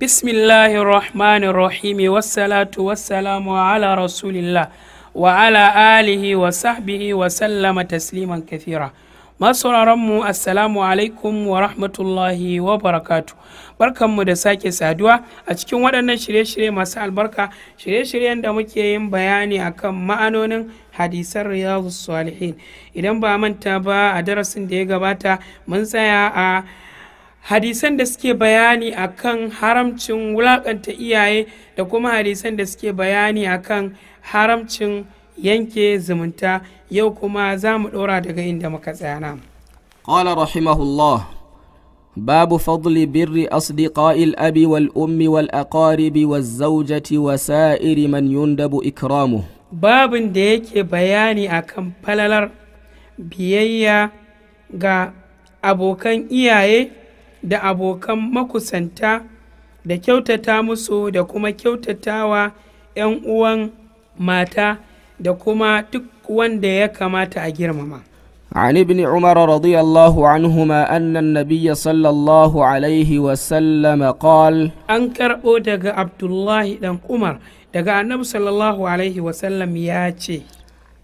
bismillahirrahmanirrahim wasalatu wassalamu ala rasulillah wa ala alihi wa sahbihi wa sallama tasliman kathira masauraranmu assalamu alaikum wa rahmatullahi wa barakatu barkanmu da sake saduwa a cikin waɗannan shirye-shirye masu albarka shirye-shiryen da muke yin bayani akan ma'anonin hadisan riyadu salihin idan ba manta ba a darasin da ya gabata mun tsaya a hadisan da suke bayani akan haramcin wulakanta iyaye da kuma hadisan da suke bayani akan haramcin yanke zumunta yau kuma za mu ɗora daga inda muka tsayana. قال رحمه الله باب فضل بر أصدقاء الأب والأم والأقارب والزوجة وسائر من يندب Ikramu. باب da yake bayani akan falalar biyayya ga abokan iyaye da abokan makusanta da kyautata musu da kuma kyautatawa 'yan uwan mata da kuma duk wanda ya kamata a girmama. عن ابن عمر رضي الله عنهما أن النبي صلى الله عليه وسلم قال أنكر أودك عبد الله بن عمر دقى النبي صلى الله عليه وسلم ياتي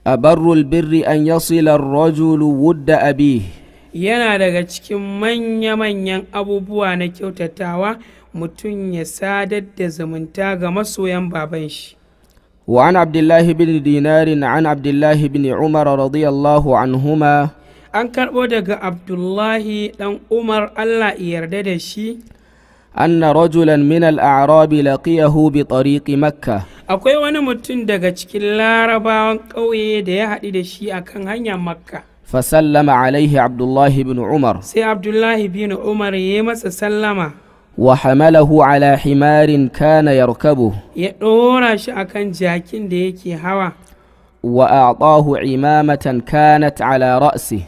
أبر البر أن يصل الرجل ود أبيه yana daga cikin manya-manyan abubuwa na kyautatawa mutum ya sadar da zumunta ga masoyan baban shi وعن عبد الله بن دينار عن Abdullahi bin Umar عمر an huma. an karɓo daga abdullahi ɗan umar allah yarda da shi anna rajulan min al'arabi laqiyahu bi tariqi makka akwai wani mutum daga cikin larabawan ƙauye da ya haɗu da shi akan hanyar makka فسلم عليه عبد الله بن عمر سي عبد الله بن عمر يمس سلم وحمله على حمار كان يركبه يدورا شاكن جاكين ديكي هوا وأعطاه عمامة كانت على رأسه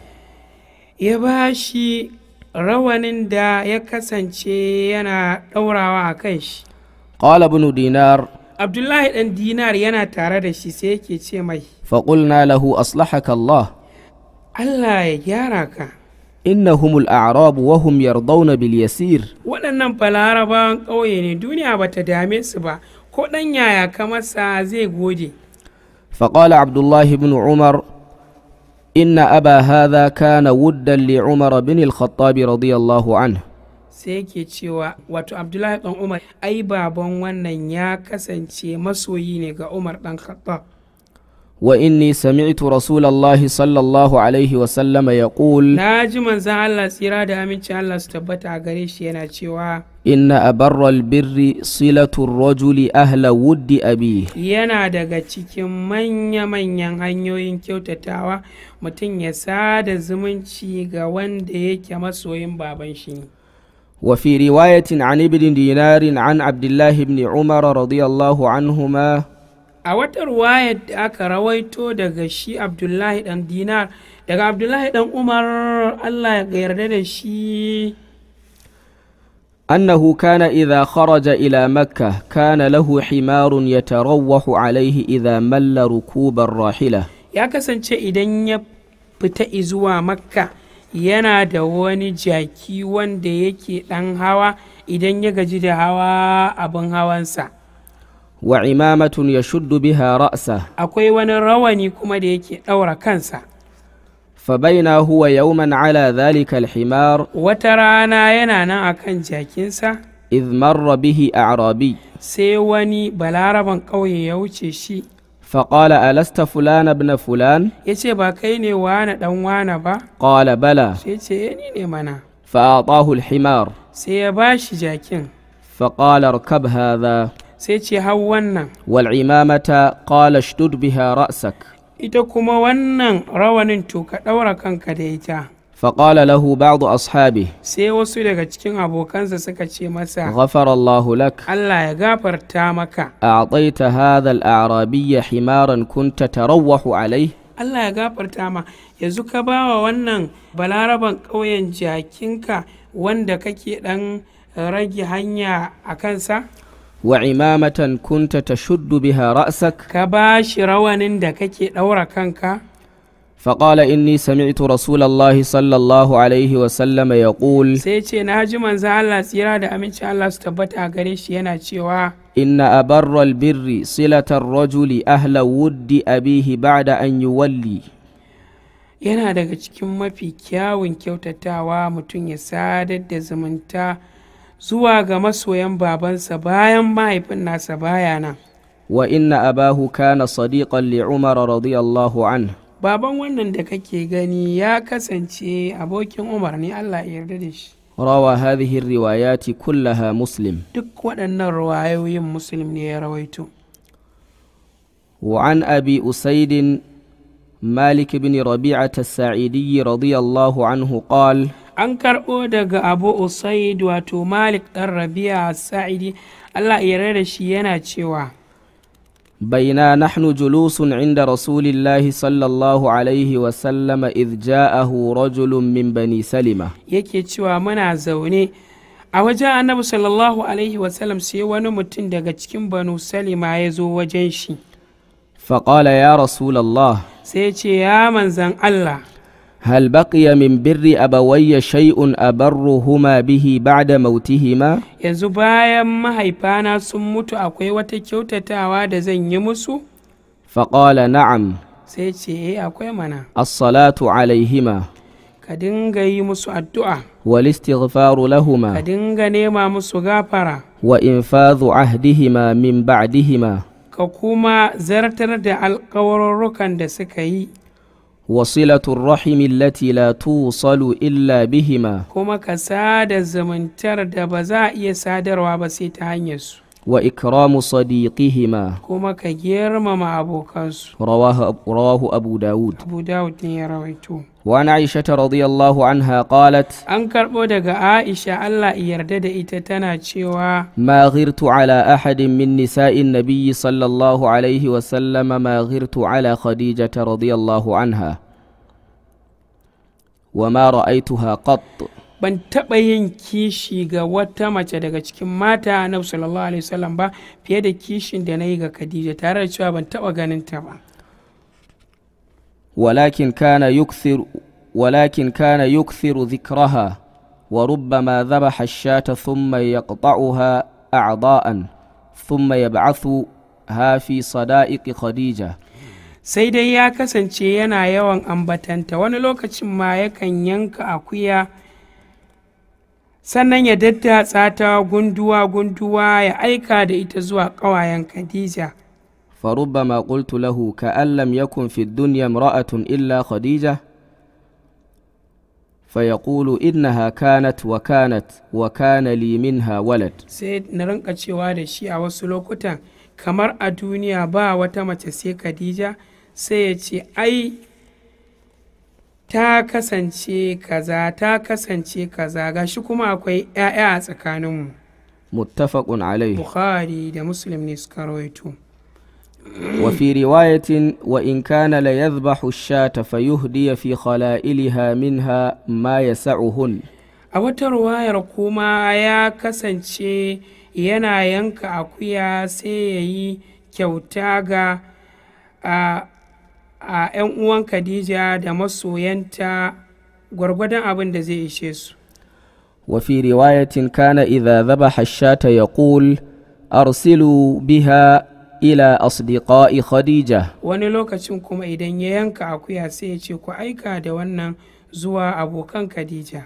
يباشي rawanin da ya kasance yana ɗaurawa a shi. Ƙala dinar. Abdullahi ɗan dinar yana tare da shi sai yake ce mai. Faƙulna lahu aslahaka Allah ya gyara ka innahumul a'rabu wa hum Yardauna bil yasir waɗannan balarabawan ƙauye ne duniya bata dame su ba ko ɗan yaya kamar sa zai gode فقال Abdullahi bin Umar, inna إن أبا هذا كان ودا لعمر بن الخطاب رضي الله sai ke cewa wato abdullahi dan umar ai baban wannan ya kasance masoyi ne ga umar dan khattab wa inni sami'tu rasulallahi sallallahu alaihi wa sallama ya kul na ji manzan allah tsira da aminci, allah su tabbata a gare shi yana cewa inna a barral birri silatun rojuli ahla wuddi a bi. yana daga cikin manya manyan hanyoyin kyautatawa mutum ya sa da zumunci ga wanda yake masoyin baban shi wa fi riwayatin an ibidin dinarin an abdullahi ibn umar radiyallahu anhu a wata ruwaya da aka rawaito daga shi abdullahi dan dinar daga abdullahi dan umar allah ya yarda da shi أنه كان إذا خرج إلى مكة كان له حمار يتروح عليه إذا مل ركوب الراحلة يا كسن ya fita izuwa مكة yana da wani jaki wanda yake ɗan hawa idan ya gaji da hawa abin hawansa wa imamatun ya shuddu biha ra'sa akwai wani rawani kuma da yake ɗaura kansa fabaina huwa yauman ala dhalika alhimar wata rana yana nan akan jakinsa idh marra bihi a'rabi sai wani balaraban ƙauye ya wuce shi فقال ألست فلان ابن فلان يتي باكيني وانا دان وانا با قال بلى يتي ني منا فأعطاه الحمار سيباشي جاكين فقال اركب هذا sai ce hau wannan wal imamata qala shdud biha ra'sak ita kuma wannan rawanin to ka daura kanka da ita فقال له بعض أصحابه sai wasu daga cikin abokansa suka ce masa غفر الله لك Allah ya gafarta maka أعطيت هذا الأعرابي حمارا كنت تروح عليه Allah ya gafarta ma yanzu ka bawa wannan balaraban ƙauyen jakinka wanda kake ɗan rage hanya a kansa wa imamatan kunta ta shuddu biha ra'asak ka ba shi rawanin da kake ɗaura kanka faƙala in ni sami ito rasulallahi sallallahu alaihi wasallama ya ƙul sai ce na ji manza Allah tsira da aminci Allah su tabbata gare shi yana cewa inna a barral birri silatar rajuli ahla wuddi abihi ba da an yi walli yana daga cikin mafi kyawun kyautatawa mutum ya sadar da zumunta zuwa ga masoyan babansa bayan mahaifin nasa baya nan wa inna abahu kana sadiqan li umar radiyallahu anhu baban wannan da kake gani ya kasance abokin umar ne allah ya yarda da shi rawa hadhihi riwayati kullaha muslim duk waɗannan riwayoyin muslim ne ya rawaito وعن أبي أسيد Malik بن ربيعة ta رضي الله عنه قال an karɓo daga abu Usaidu wato malik ɗan rabia sa'idi allah ya da shi yana cewa بينا nahnu julusun inda رسول الله صلى الله عليه وسلم إذ جاءه رجل من yake cewa muna zaune a wajen annabi sallallahu alaihi wasallam sai wani mutum daga cikin banu salima ya zo wajen shi faƙala ya rasulallah sai ce ya manzan Allah هل بقي من بر أبوي شيء أبرهما bihi بعد موتهما yanzu bayan mahaifana sun mutu akwai wata kyautatawa da zan yi musu faƙala na'am sai ce eh, akwai mana as-salatu alaihima ka dinga yi musu addu'a wal istighfaru lahuma ka dinga nema musu gafara wa infadhu ahdihima min ba'dihima ka kuma zartar da alƙawarrukan da suka yi wasilatul rahimi lati la tusalu illa bihima kuma ka sada zumuntar da ba za a iya sadarwa ba sai ta hanyar su wa ikramu sadiqihima kuma ka girmama abokansu rawahu abu dawud abu dawud ne aisha ta radiyallahu anha qalat an karɓo daga aisha Allah yarda da ita tana cewa ma ghirtu ala ahadin min nisa'in nabiy sallallahu alaihi wa sallama ma ghirtu khadija ta radiyallahu anha wa ma ra'aytuha qatt ban taɓa yin kishi ga wata mace daga cikin mata na sallallahu alaihi wasallam ba fiye da kishin da na yi ga khadija tare da cewa ban taɓa ganin ta ba walakin kana yukthir walakin kana yukthiru dhikraha wa rubbama dhabaha ash-shata thumma yaqta'uha a'da'an thumma yab'athu ha fi sada'iqi khadija sai dai ya kasance yana yawan ambatanta wani lokacin ma yakan yanka akuya sannan ya dadda tsata gunduwa gunduwa ya aika da ita zuwa ƙawayen Khadija. Faruba ma ƙultu lahu ka Allah ya kunfi duniya mura'atun illa Khadija? Fa ya ƙulu inna ha kanat wa kanat hawalat. Sai na rinka cewa da shi a wasu lokutan kamar a duniya ba wata mace sai Khadija sai ya ce ai ta kasance kaza ta kasance kaza gashi kuma akwai 'ya'ya a tsakaninmu muttafaqun alai bukhari da muslim ne suka rawaito wa fi riwayatin wa in kana la yadhbahu ash-shata fayuhdi fi khala'iliha minha ma yas'uhun a wata ruwayar kuma ya kasance yana yanka akuya sai yayi kyauta ga a 'yan uwan khadija da masoyanta gwargwadon abin da zai ishe su وفي Kana كان إذا hashata ya يقول أرسلوا بها ila أصدقاء Khadija. wani lokacin kuma idan ya yanka akuya sai ya ce ku aika da wannan zuwa abokan Khadija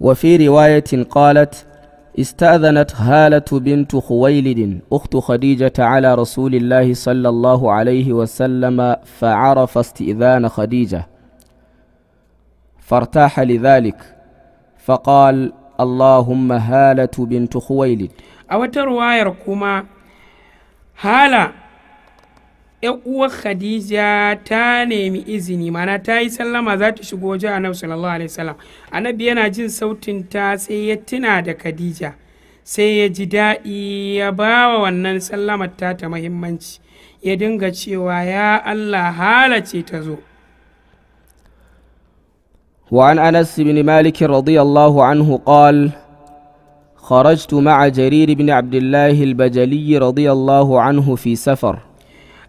Wafi riwayatin ƙalat. استأذنت هالة بنت خويلد أخت خديجة على رسول الله صلى الله عليه وسلم فعرف استئذان خديجة فارتاح لذلك فقال اللهم هالة بنت خويلد أوتر واير كما هالة yan uwar khadija ta nemi izini mana ta yi sallama za ta shigo a annabi sallallahu alaihi wasallam annabi yana jin sautin ta sai ya tuna da khadija sai ya ji daɗi ya ba wa wannan sallamar ta ta muhimmanci ya dinga cewa ya allah halace ta zo وعن an بن مالك رضي الله عنه قال خرجت مع جرير بن عبد الله البجلي رضي الله عنه في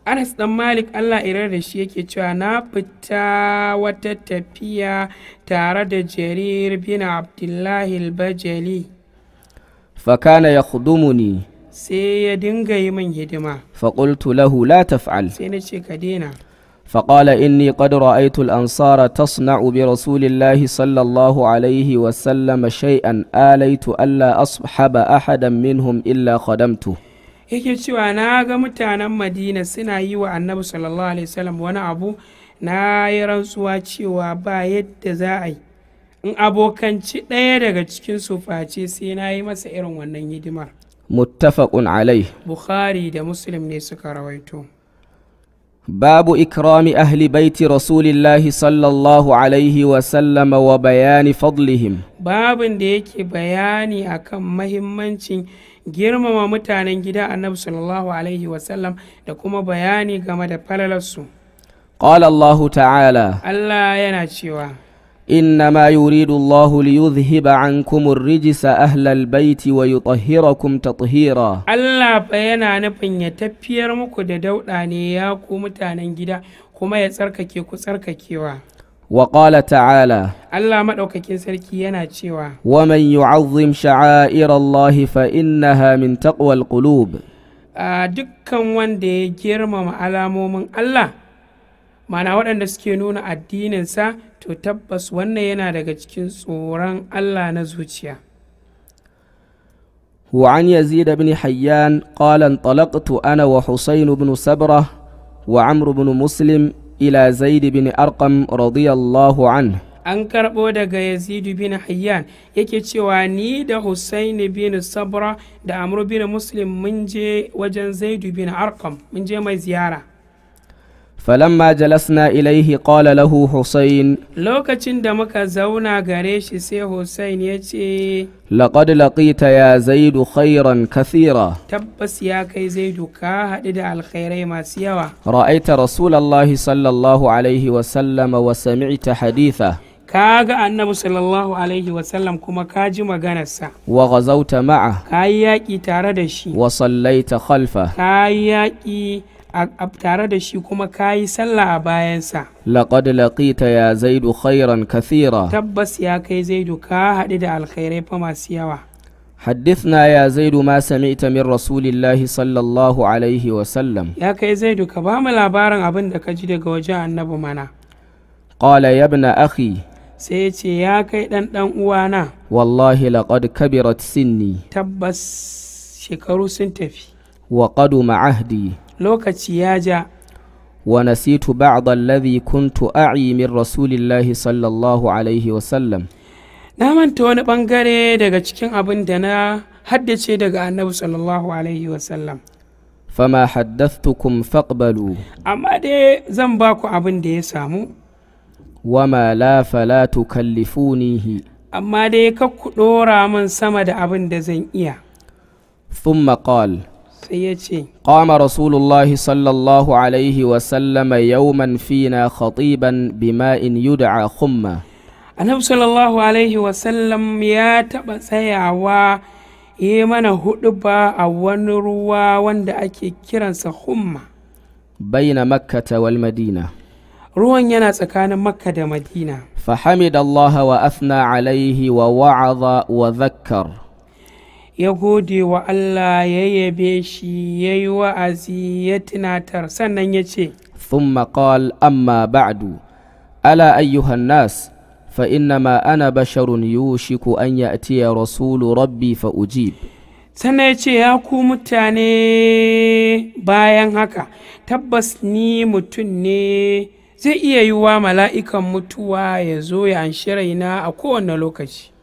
anas dan malik allah irar da shi yake cewa na fita wata tafiya tare da jarir bin abdullahi albajali fakana ya ni. sai ya dinga yi min hidima faƙultu lahu la taf'al sai na ce ka daina فقال إني قد رأيت الأنصار تصنع برسول الله صلى الله عليه وسلم شيئا آليت ألا أصحب أحدا منهم إلا خدمته yake cewa na ga mutanen madina suna yi wa annabi sallallahu alaihi wasallam wani abu na yi rantsuwa cewa ba yadda za a yi in abokanci ɗaya daga cikin su face sai na yi masa irin wannan hidimar muttafaqun alai bukhari da muslim ne suka rawaito babu ikrami ahli baiti rasulillahi sallallahu alaihi sallam wa bayani fadlihim babin da yake bayani akan mahimmancin girmama mutanen gida a na bisalallahu alaihi wasallam da kuma bayani game da falalarsu. ƙwalar Allah ta'ala Allah yana cewa inna ma yi wuridu Allah li yi zuhi an kumun rijisa ahlal baiti wa yi tsohira kum ta tsohira. Allah fa yana nufin ya tafiyar muku da dauɗa ne ya mutanen gida kuma ya tsarkake ku tsarkakewa. wa qala ta'ala Allah madaukakin sarki yana cewa wa man yu'azzim sha'airallahi fa inna innaha min taqwal qulub dukkan wanda ya girmama alamomin Allah mana waɗanda suke nuna addininsa to tabbas wannan yana daga cikin tsoron Allah na zuciya وعن يزيد بن حيان ana wa أنا وحسين بن wa وعمر بن muslim. ila zaidu bin arqam radiyallahu anhu an karɓo daga yazidu bin hayyan yake cewa ni da husaini bin sabra da amru bin muslim mun je wajen zaidu bin arkam mun je mai ziyara falamma jalasna ilaihi qala lahu lokacin da muka zauna gare shi sai Husain ya ce laqad laqita ya zaidu khairan kathira tabbas ya kai zaidu ka haɗu da alkhairai masu yawa ra'aita rasulallahi sallallahu alaihi wa sallama wa sami'ta haditha ka ga annabi sallallahu alaihi wasallam kuma ka ji maganarsa wa ghazauta ka yi yaƙi tare da shi wa sallaita khalfa ka yi yaƙi A tare da shi kuma ka yi sallah a bayansa. Laƙad laƙita ya zaidu khayran kafira. Tabbas ya kai zaidu ka haɗu da alkhairar masu yawa. Haddisna ya zaidu ma sami itamin rasulillah, sallallahu alayhi wa Ya kai zaidu ka bamu labarin abin da ka ji daga wajen annabu mana. Qale yabna aki. Se ce ya kai ɗanɗan uwa na. Wallahi, laƙad kabirat sinni Tabbas shekaru sun tafi. Wa ƙadu ma ahdi. lokaci ya ja wa nasitu ba'd alladhi kuntu a'i min rasulillahi sallallahu alaihi wa sallam na manta wani bangare daga cikin abin da na haddace daga annabi sallallahu alaihi wa sallam fama haddathtukum faqbalu amma dai zan ba ku abin da ya samu wama la fala tukallifunihi amma dai ka ku dora min sama da abin da zan iya thumma qala sai ya ce qama rasulullahi sallallahu alaihi wa sallama yawman fina khatiban bima'in yud'a khumma annabi sallallahu alaihi wa sallam ya taɓa tsayawa yi mana huɗuba a wani ruwa wanda ake kiransa humma baina makkata wal madina ruwan yana tsakanin makka da madina fahamid allaha wa athna alaihi wa wa'aza wa zakkar ya gode wa Allah ya yabe shi ya yi wa'azi ya tunatar sannan ya ce ثم قال أما بعد ألا أيها الناس فإنما أنا بشر يوشك أن يأتي رسول ربي فأجيب sannan ya ce ya ku mutane bayan haka tabbas ni mutum ne zai iya yiwa mala'ikan mutuwa ya zo ya anshi raina a kowane lokaci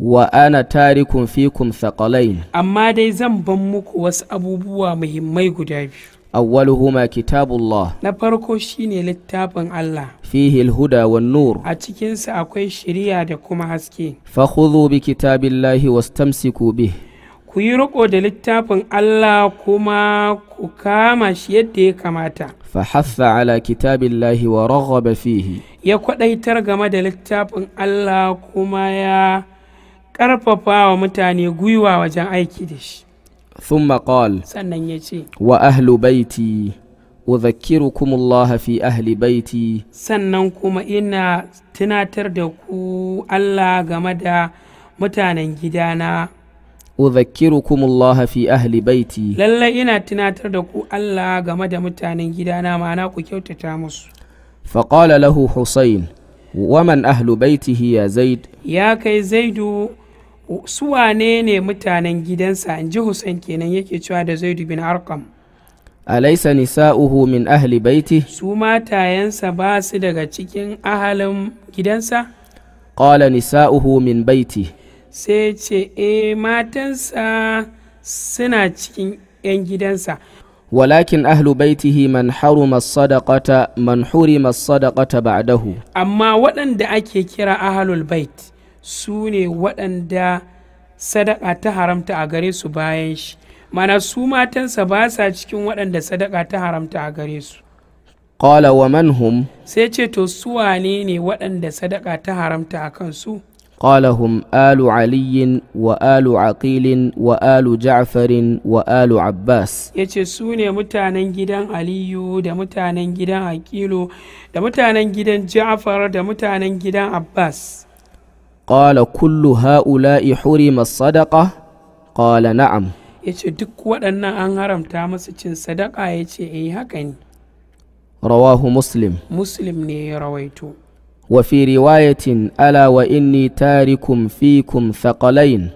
wa ana tarikun fikum thaqalain amma dai zan ban muku wasu abubuwa muhimmai guda biyu awwaluhuma kitabullah na farko shine littafin Allah fihi alhuda wan nur a cikin sa akwai shiriya da kuma haske fa khudhu bi kitabillahi wastamsiku bih ku yi riko da littafin Allah kuma ku kama shi yadda ya kamata fa haffa ala kitabillahi wa raghaba fihi ya kwadaitar game da littafin Allah kuma ya karfafa wa mutane gwiwa wajen aiki da shi ثم قال وأهل بيتي أذكركم الله في أهل بيتي sannan kuma ina tunatar da ku Allah game da mutanen أذكركم الله في أهل بيتي للا إنا تناتر دكو الله غمد متانين جدانا معنا كيو تتامس فقال له حسين ومن أهل بيته يا زيد يا كي زيدو su wanene ne mutanen gidansa in ji Hussein kenan yake cewa da Zaidu bin arkam alaisa nisa'uhu min ahli baiti su matayensa ba su daga cikin ahalin gidansa qala nisa'uhu min baiti sai ce e matansa suna cikin 'yan gidansa walakin ahlu baitihi man haruma sadaqata man hurima sadaqata ba'dahu amma waɗanda ake kira ahlul bait su ne waɗanda sadaka ta haramta a gare su bayan shi mana su matansa ba sa cikin waɗanda sadaka ta haramta a gare su qala wa man hum sai ce to su wane ne waɗanda sadaka ta haramta a kansu qala hum alu aliyin wa alu aqilin wa alu ja'farin wa alu abbas yace su ne mutanen gidan aliyu da mutanen gidan aqilu da mutanen gidan ja'far da mutanen gidan abbas Ƙala kullu ha'ula'i hurima sadaqa ƙala na'am yace duk waɗannan an haramta masu cin sadaka yace eh haka ne rawahu muslim muslim ne ya rawaito wa fi riwayatin ala wa inni tarikum fikum thaqalain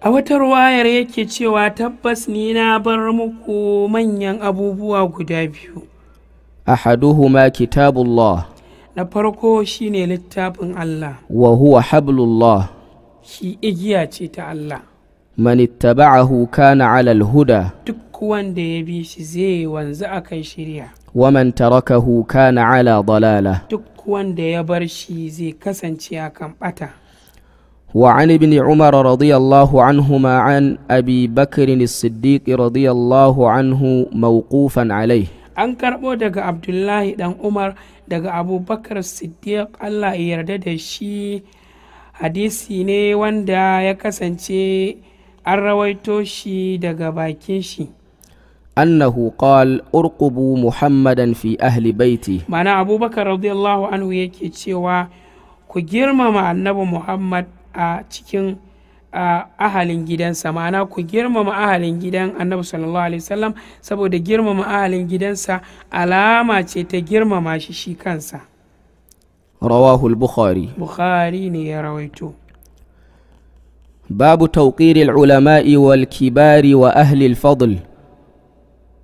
a wata ruwayar yake cewa tabbas ni na bar muku manyan abubuwa guda biyu ahaduhuma kitabullah na farko shine littafin Allah wa huwa hablullah shi igiya ce ta Allah man ittaba'ahu kana 'ala al-huda duk wanda ya bi shi zai wanzu akan shirya wa man tarakahu kana 'ala dalala duk wanda ya bar shi zai kasance akan bata Wa ابن عمر Umar radiyallahu عنهما عن أبي بكر الصديق رضي الله عنه موقوفا عليه أنكر بودك عبد الله daga abubakar siddiq allah ya yarda da shi hadisi ne wanda ya kasance an rawaito shi daga bakin shi annahu qal urqubu muhammadan fi ahli baiti mana abubakar radiyallahu anhu yake cewa ku girmama annabi muhammad a cikin a ahalin gidansa ma'ana ku girmama ahalin gidan annabi sallallahu alaihi wasallam saboda girmama ahalin gidansa alama ce ta girmama shi shi kansa rawahu al-bukhari bukhari ne ya rawaito babu tawqir al-ulama'i wal kibari wa ahli al-fadl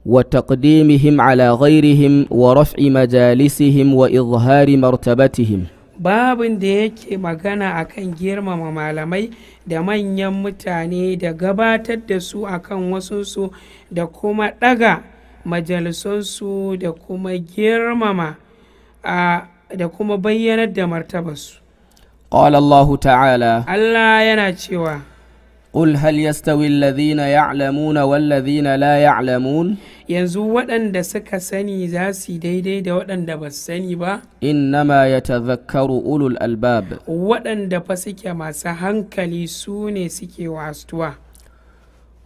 وتقديمهم على غيرهم ورفع مجالسهم وإظهار babin da yake magana a kan girmama malamai da manyan mutane da gabatar da su akan wasunsu da kuma ɗaga majalisunsu da kuma girmama da kuma bayyanar da martabarsu. allah yana cewa yana cewa. قل هل يستوي الذين يعلمون والذين لا يعلمون yanzu waɗanda suka sani za su daidai da waɗanda ba su sani ba innama ya tazakkaru ulul albab waɗanda fa masu hankali sune ne suke wastuwa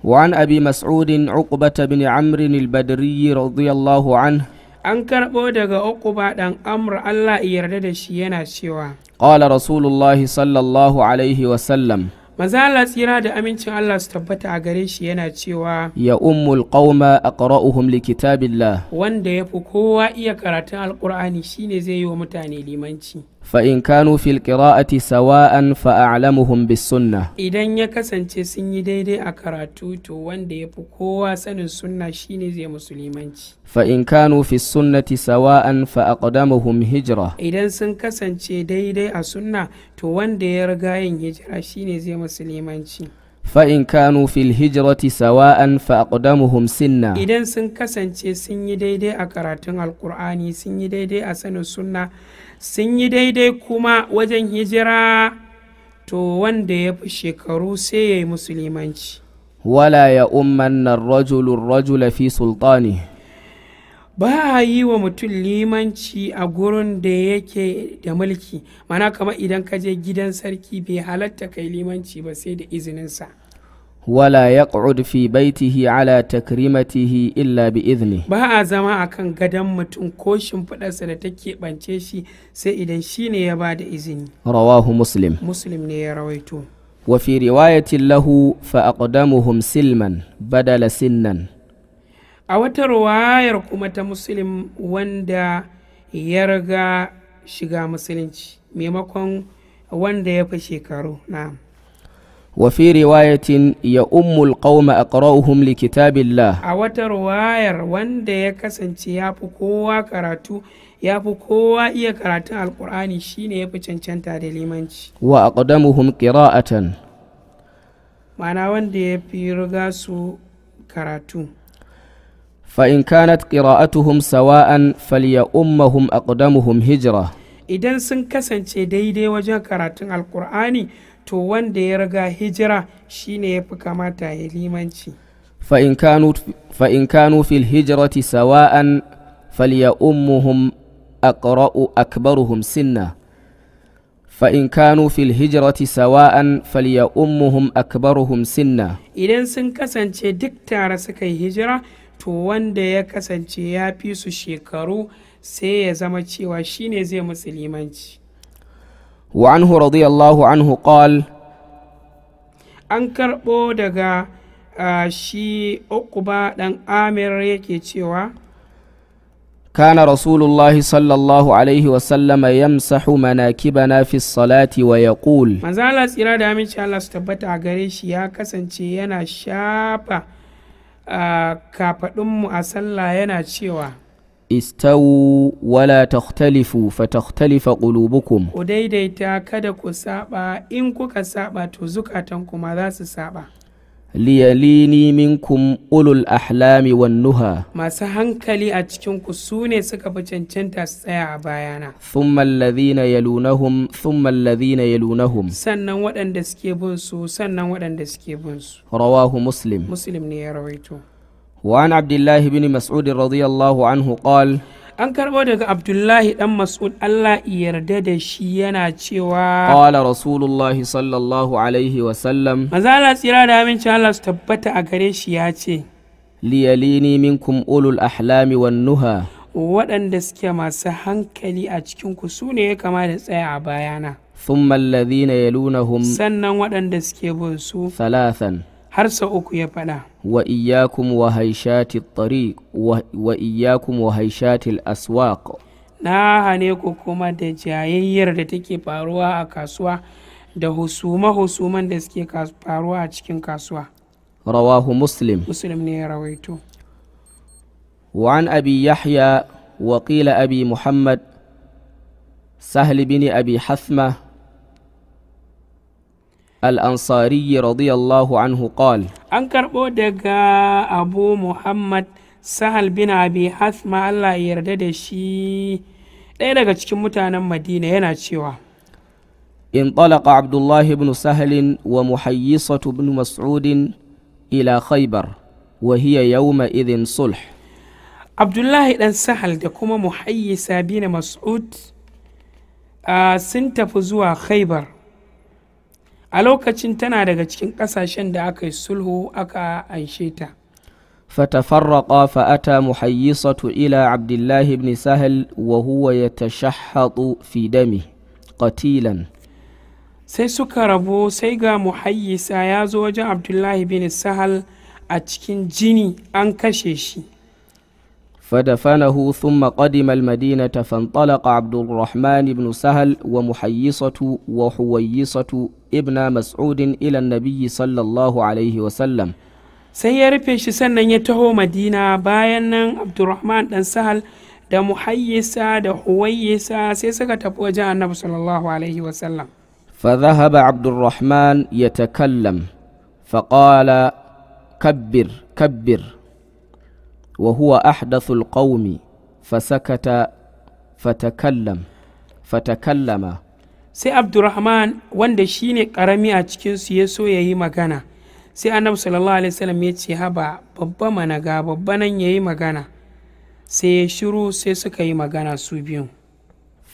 وعن أبي مسعود عقبة بن عمرو البدري رضي الله an karɓo daga uquba ɗan amr Allah yarda da shi yana cewa Ƙala rasulullahi sallallahu alaihi wasallam maza Allah tsira da amincin Allah su tabbata a gare shi yana cewa ya ummul qauma aqra'uhum likitabillah wanda yafi kowa iya karatun alqur'ani shine zai yi wa mutane limanci fa'in kanu fil qira'ati sawa'an fa'alamuhum bis sunna idan ya kasance sun yi daidai a karatu to wanda ya fi kowa sanin sunna shine zai musulmanci fa'in kanu fi sunnati sawa'an hijira idan sun kasance daidai a sunna to wanda ya riga yin hijira shine zai musulmanci fa'in kanu fil hijirati sawa'an fa'aƙudamuhum sinna idan sun kasance sun yi daidai a karatun Alƙur'ani, sun yi daidai a sanin sunna sun yi daidai kuma wajen hijira to wanda ya fi shekaru sai ya yi musulmanci wala ya na rajulun rajula fi sultani ba a yi wa mutum limanci a gurin da yake da mulki mana kama idan ka je gidan sarki bai halatta kai limanci ba sai da izininsa wala yaq'ud fi baitihi ala takrimatihi illa bi izni ba a zama kan gadon mutum ko shimfiɗarsa da take ɓance shi sai idan shi ne ya ba da izini rawahu muslim muslim ne ya rawaito wa fi riwayatin lahu fa aqdamuhum silman badala sinnan a wata ruwayar kuma ta muslim wanda ya riga shiga musulunci maimakon wanda ya fi shekaru na'am وفي رواية يؤم القوم أقرأهم لكتاب الله أوتر رواير وند يكسن يابو كوا كراتو يابو كوا إيا كراتو القرآن شين يابو چنچن تادي لمنش وأقدمهم قراءة معنى وند يبيرغاسو كراتو فإن كانت قراءتهم سواء فليؤمهم أقدمهم هجرة إذا سنكسن ديدي وجه كراتو القرآن to wanda ya riga hijira shine ya fi kamata ya limanci fa'in kanu fil hijirati sawa'an falya ummuhum aqra'u akbaruhum sinna fa'in kanu fil hijirati sawa'an falya ummuhum akbaruhum sinna idan sun kasance duk tare suka yi hijira to wanda ya kasance ya fi su shekaru sai ya zama cewa shine zai musu limanci wa an hu radiya Allahu an hu karɓo daga shi uku ba ɗan amir yake cewa, Kana rasulullahi sallallahu Alaihi wasallam ya musahu mana kiba na fi salati wa ya ƙul. tsira da aminci Allah su tabbata a gare shi ya kasance yana shafa. Uh, kafaɗinmu a sallah yana cewa istawu wala takhtalifu fatakhtalifa qulubukum ku daidaita kada ku saba in kuka saba to zukatan kuma za su saba liyalini minkum ulul ahlami wan nuha masu hankali a cikin ku sune suka fi cancanta su tsaya a bayana thumma alladhina yalunahum thumma alladhina yalunahum sannan waɗanda suke bin su sannan waɗanda suke bin su rawahu muslim muslim ne ya rawaito وعن عبد الله بن مسعود anhu الله an karɓo daga abdullahi dan mas'ud allah yarda da shi yana cewa qala rasulullahi sallallahu alaihi wa sallam mazala tsira da aminci allah su tabbata a gare shi ya ce liyalini minkum ulul ahlami wannuha? waɗanda suke masu hankali a cikinku su ne ya kama da tsaya a bayana ya alladhina hum. sannan waɗanda suke bin su thalathan har sau uku ya faɗa wa iyyakum wa haishati tariq wa iyyakum wa haishati aswaq na hane ku kuma da jayayyar da take faruwa a kasuwa da husuma-husuman da suke faruwa a cikin kasuwa rawahu muslim muslim ne ya rawaito abi yahya wa وقيل abi Muhammad, سهل bini abi Hasma. al الأنصاري رضي الله عنه قال أنكر بودك أبو محمد سهل بن أبي حثم yarda da shi ɗaya cikin mutanen madina yana cewa in talaqa abdullahi ibn sahlin wa muhayyisatu ibn mas'udin ila khaibar wa hiya yawma idin sulh abdullahi dan sahal da kuma muhayyisa bin mas'ud ah, sun tafi zuwa khaibar. a lokacin tana daga cikin ƙasashen da aka yi sulhu aka aishe ta فتفرقا فأتى muhayyisatu ila Abdullahi الله بن سهل وهو يتشحط في دمه قتيلا sai suka rabu sai ga muhayyisa ya zo wajen abdullahi Ibn sahal a cikin jini an kashe shi فدفنه ثم قدم المدينة فانطلق عبد الرحمن بن سهل ومحيصة وحويصة ابن مسعود إلى النبي صلى الله عليه وسلم sai ya rufe shi sannan ya taho madina bayan nan abdurrahman dan sahal da muhayyisa da huwayyisa sai suka tafi wajen annabi sallallahu alaihi wasallam فذهب abdurrahman الرحمن يتكلم qala kabbir-kabbir. wa huwa ahdathul qaumi fasakata fatakallam fatakallama sai abdurrahman wanda shine karami a cikin su ya so yayi magana sai annabi sallallahu alaihi wasallam ya ce haba babba mana ga babba nan yayi magana sai ya shiru sai suka yi magana su biyu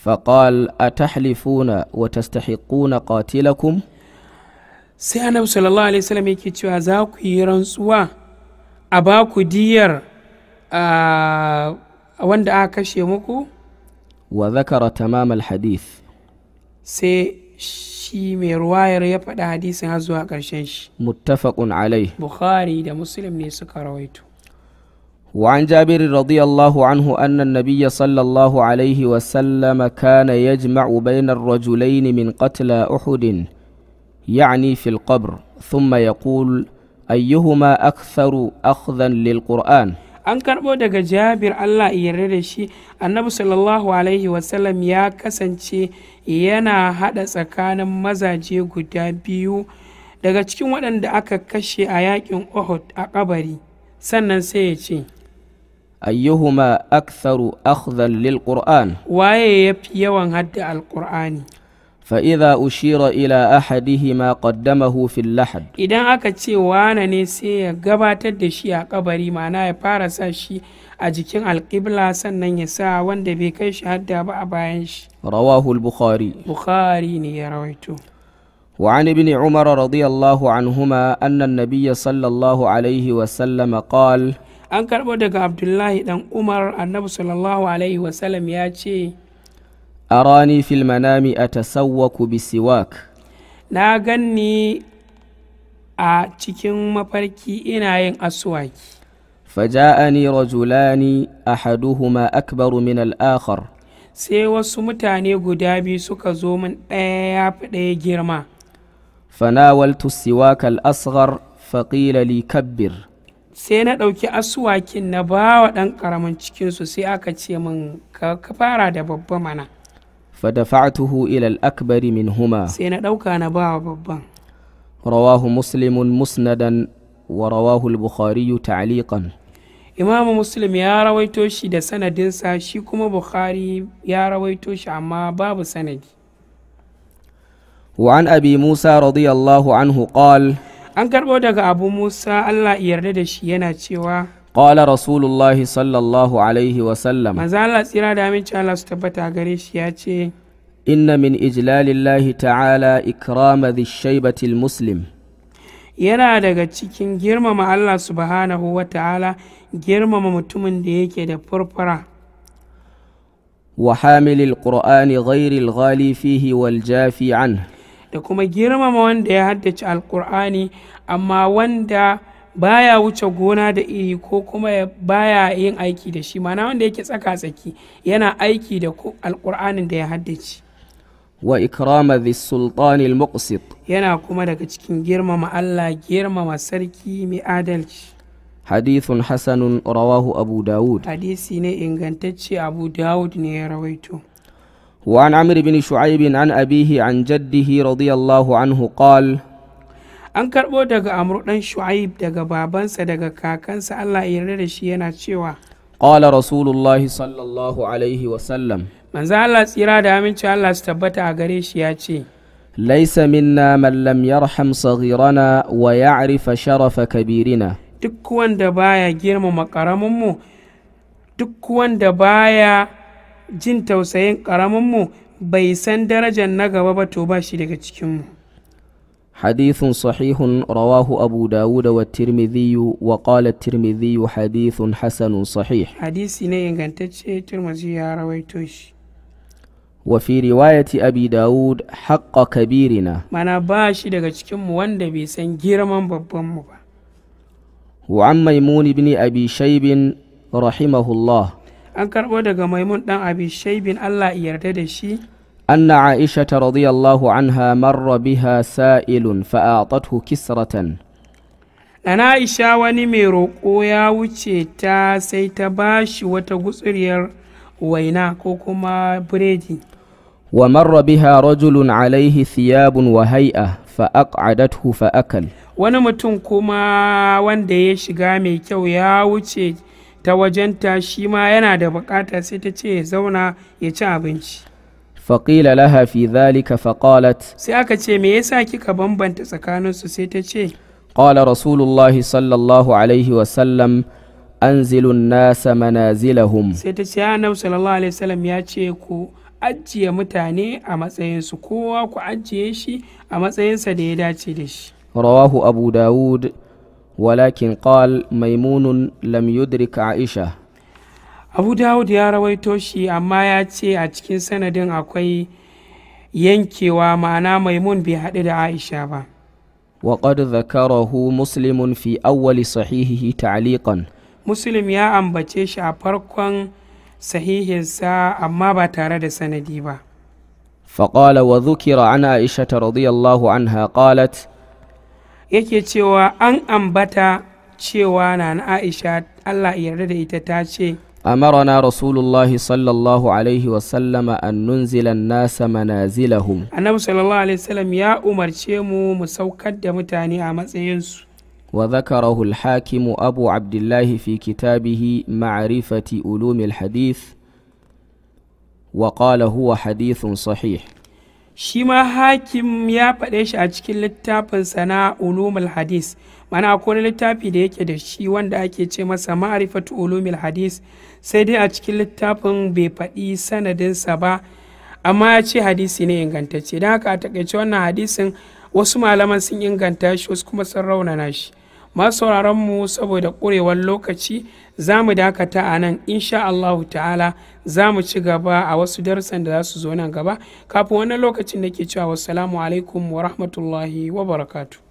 faqal atahlifuna wa tastahiquna qatilakum sai annabi sallallahu alaihi wasallam yake cewa za ku yi rantsuwa a ba ku diyar wanda aka kashe muku wa zakara tamam hadith. sai shi mai ruwayar ya faɗi hadisin har zuwa ƙarshen shi muttafaqun alai bukhari da muslim ne suka rawaito وعن جابر رضي الله عنه أن النبي صلى الله عليه وسلم كان يجمع بين الرجلين من قتلى أحد يعني في القبر ثم يقول أيهما أكثر أخذا للقرآن an karɓo daga jabir allah yarda da shi annabi sallallahu alaihi wasallam ya kasance yana haɗa tsakanin mazaje guda biyu daga cikin waɗanda aka kashe a yaƙin ohud a kabari sannan sai ya ce ayyuhuma aktharu akhdhan lil qur'an waye yafi yawan hadda alqur'ani fa'iza ushira ila ahadihima qaddamahu fil lahad idan aka ce wane ne sai ya gabatar da shi a kabari mana ya fara sa shi a jikin alƙibla sannan ya sa wanda bai kai shi hadda ba a bayan shi rawahu al-bukhari bukhari ne ya rawaito وعن ابن عمر رضي الله عنهما أن النبي صلى الله عليه وسلم قال أنكر بدك عبد الله أن عمر النبي صلى الله عليه وسلم ياتي arani fil manami bi siwak na ganni a cikin mafarki ina yin aswaki faja'ani rajulani ahaduhuma akbaru min al'akar. sai wasu mutane guda biyu suka zo min ɗaya ya fi ɗaya girma fanawaltu siwak al-asghar li kabbir sai na ɗauki asuwakin na bawa ɗan ƙaramin cikinsu sai aka ce min ka fara da babba mana فدفعته إلى الأكبر منهما سينا دوكا نباع ببان رواه مسلم مسندا ورواه البخاري تعليقا إمام مسلم يا رويتو دا سنة دنسا كما بخاري يا رويتو عما باب سنة وعن أبي موسى رضي الله عنه قال أنكر بودك أبو موسى الله يرددش ينا ينا Ƙwala Rasulullahi sallallahu Alaihi wasallam. Maza Allah tsira da aminci Allah su tabbata gare shi ya ce, Inna min ijlalillahi ta'ala ikrama shaibatil muslim. Yana daga cikin girmama Allah subhanahu wa ta'ala girmama mutumin da yake da furfura. Wa hamilil Qur'ani ghairil ghali fihi wal Da kuma girmama wanda ya haddace Alƙur'ani amma wanda baya wuce gona da iri ko kuma baya yin aiki da shi mana wanda yake tsaka-tsaki yana aiki da alƙur'anin da ya haddace wa ikrama the sultani al-muqsit yana kuma daga cikin girmama Allah girmama sarki mai adalci hadithun hasanun rawahu abu dawud hadisi ne ingantacce abu dawud ne ya rawaito wa an بن bin shu'aib an abihi an jaddihi radiyallahu anhu qala an karɓo daga amur ɗan shu'aib daga babansa daga kakansa allah yarda da shi yana cewa qala rasulullahi sallallahu alaihi wasallam manzo allah tsira da aminci allah su tabbata a gare shi ya ce laisa minna man lam yarham saghirana wa ya'rifa sharafa kabirina duk wanda baya girmama karamin mu duk wanda baya jin tausayin karamin mu bai san darajar na gaba ba to ba shi daga cikin mu حديث صحيح رواه أبو داود والترمذي وقال الترمذي حديث حسن صحيح حديث ترمذي رويتوش وفي رواية أبي داود حق كبيرنا مانا باشي دغا cikin wanda bai san girman babban mu ba وعن ميمون بن أبي شيب رحمه الله أنكر karbo ميمون maimun أبي abi الله Allah Anna عائشة رضي الله عنها مر بها سائل فأعطته كسرة Nana Aisha wani mai roƙo ya wuce ta sai ta bashi wata gutsuriyar waina ko kuma biredi. Wa marra rajulun alaihi thiyabun wa hai'a fa aq'adathu Wani mutum kuma wanda ya shiga mai kyau ya wuce ta wajenta shi ma yana da buƙata sai ta ce ya zauna ya ci abinci. faƙila la hafi, zalika faƙalat sai aka ce me yasa kika bambanta tsakaninsu sai ta ce ƙala rasulullahi sallallahu alaihi wasallam anzilun nasa manazilahum sai ta ce annabi sallallahu alaihi wasallam ya ce ku ajiye mutane a matsayinsu kowa ku ajiye shi a matsayinsa da ya dace da shi rawahu abu dawud walakin ƙwal maimunun lam yudrika aisha abu dawud ya rawaito shi amma ya ce a cikin sanadin akwai yankewa ma'ana maimun bai haɗu da aisha ba wa ƙad zakara hu musulmin fi awali sahihihi ta'alikan musulmin ya ambace shi a farkon sahihinsa amma ba tare da sanadi ba فقال وذكر عن عائشه رضي الله عنها قالت يكي cewa an ambata cewa nan Aisha Allah ya yarda da ita tace أمرنا رسول الله صلى الله عليه وسلم أن ننزل الناس منازلهم النبي صلى الله عليه وسلم يا أمر شيمو مسوكد متاني أمسينسو وذكره الحاكم أبو عبد الله في كتابه معرفة علوم الحديث وقال هو حديث صحيح شما حاكم يا بديش أشكل التابن سنا علوم الحديث mana akwai wani littafi da yake da shi wanda ake ce masa ma'arifatu ulumil hadis sai dai a cikin littafin bai faɗi sanadinsa ba amma ya ce hadisi ne ingantacce don haka a takaice wannan hadisin wasu malaman sun inganta shi wasu kuma sun raunana shi masu mu saboda ƙurewar lokaci za mu dakata a nan insha Allahu ta'ala za mu ci gaba a wasu darussan da za su zo nan gaba kafin wannan lokacin da ke cewa wasu alaikum wa rahmatullahi wa barakatu